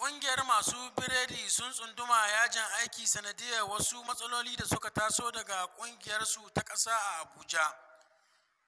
Ƙungiyar masu biredi sun tsunduma yajin aiki sanadiyar wasu matsaloli da suka taso daga ƙungiyarsu ta ƙasa a Abuja,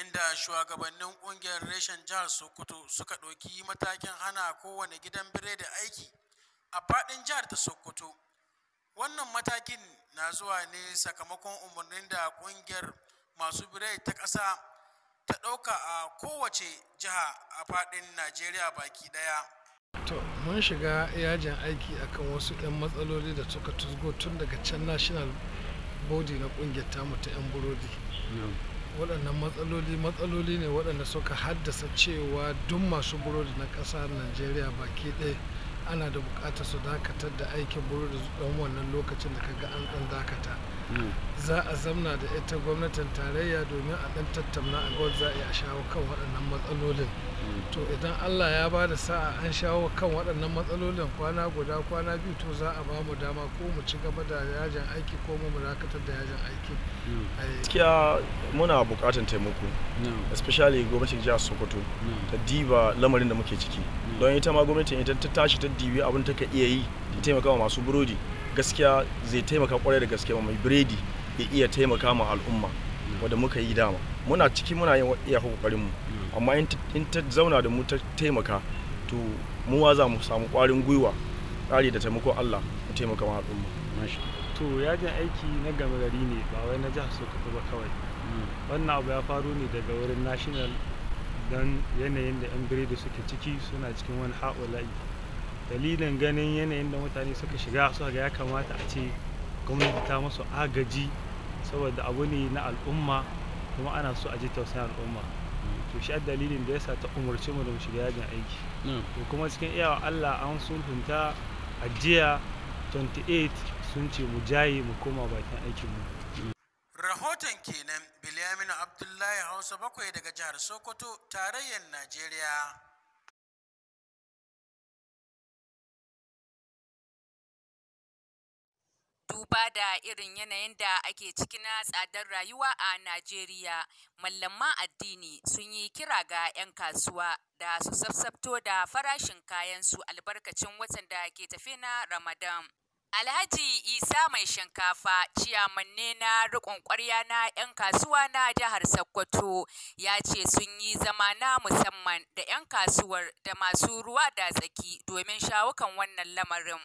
inda shugabannin ƙungiyar reshen jihar Sokoto suka ɗauki matakin hana kowane gidan biredi aiki a faɗin jihar ta Sokoto. Wannan matakin na zuwa ne sakamakon umarnin da ƙungiyar masu biredi ta ƙasa ta ɗauka a kowace jiha a faɗin Najeriya baki ɗaya. to mun shiga yajin aiki akan wasu 'yan matsaloli da suka tusgo tun daga can national body na kungiyar tamu ta 'yan burodi waɗannan matsaloli matsaloli ne waɗanda suka haddasa cewa duk masu burodi na ƙasar najeriya baki ɗaya ana da bukatar su dakatar da aikin buru da dan wannan lokacin da kaga an dan dakata hmm. za a zamna da ita gwamnatin tarayya domin a dan tattauna a ga za a iya shawo kan waɗannan matsalolin hmm. to idan Allah ya ba da sa'a an shawo kan waɗannan matsalolin kwana guda kwana biyu to za a ba mu dama ko mu ci gaba da yajin aiki ko mu dakatar da yajin aiki hmm. gaskiya muna bukatar taimako especially gwamnatin jihar Sokoto ta diba lamarin da muke ciki don ita ma gwamnatin idan ta tashi ta dibi abin ta ka iya yi ta taimaka wa masu burodi gaskiya zai taimaka kwarai da gaske mai biredi ya iya taimaka ma al'umma wadda muka yi dama muna ciki muna yin iya kokarin mu amma in ta zauna da mu ta taimaka to mu wa za mu samu kwarin gwiwa tsari da taimakon Allah mu taimaka ma al'umma to yajin aiki na gama gari ne ba wai na jihar Sokoto ba kawai hmm. wannan abu ya faru ne daga wurin national don yanayin da 'yan biredi suke ciki suna cikin wani ha'ula'i dalilin ganin yanayin da mutane suka shiga suka ga ya kamata a ce gwamnati ta masu agaji saboda abu ne na al'umma kuma ana so a ji tausayin al'umma to shi dalilin da yasa ta umarci mu da mu shiga yajin aiki to kuma cikin iyawa Allah an sulhunta a jiya 28 sun ce mu jaye mu koma bakin aikin mu rahoton kenan Bilyamin Abdullahi Hausa bakwai daga jihar Sokoto tarayyar Najeriya duba da irin yanayin da ake ciki na tsadar rayuwa a Najeriya, mallaman addini sun yi kira ga 'yan kasuwa da su sabsabto da farashin kayansu albarkacin watan da ke tafi na Ramadan. Alhaji Isa mai shinkafa ne na riƙon ƙwarya na 'yan kasuwa na jihar Sokoto ya ce sun yi zama na musamman da 'yan kasuwar da masu ruwa da tsaki domin shawukan wannan lamarin.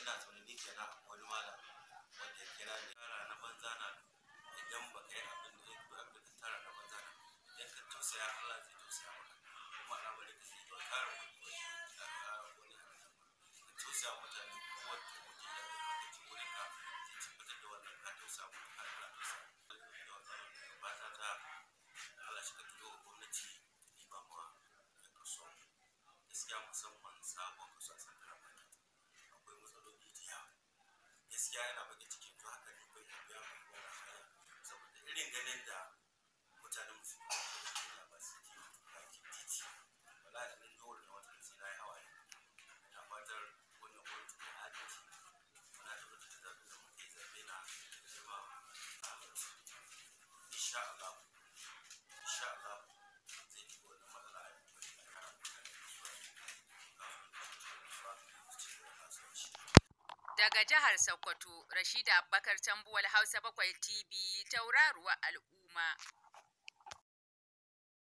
ina zaune ni ke na wani malam wanda ya kira ni yara na banza na idan ba kai abin da ya duba abin da tara na banza na idan ka tausaya Allah zai tausaya maka kuma na bari ka zai kara wani wani ka kara wani ka tausaya mutane kowa ta kuke da ka ci wurin ka zai ci fitar da wannan ka tausaya maka ka kara tausaya ba ta ta Allah shi ka tuzo wa gwamnati ni ba ma ya kaso gaskiya musamman sabon kaso a sandarar mata akwai matsaloli da yawa gaskiya yana bakin cikin to haka ne bai tafiya ba Daga jihar Sokoto, Rashida Abubakar Tambuwal Hausa bakwai TV, tauraruwa al'umma.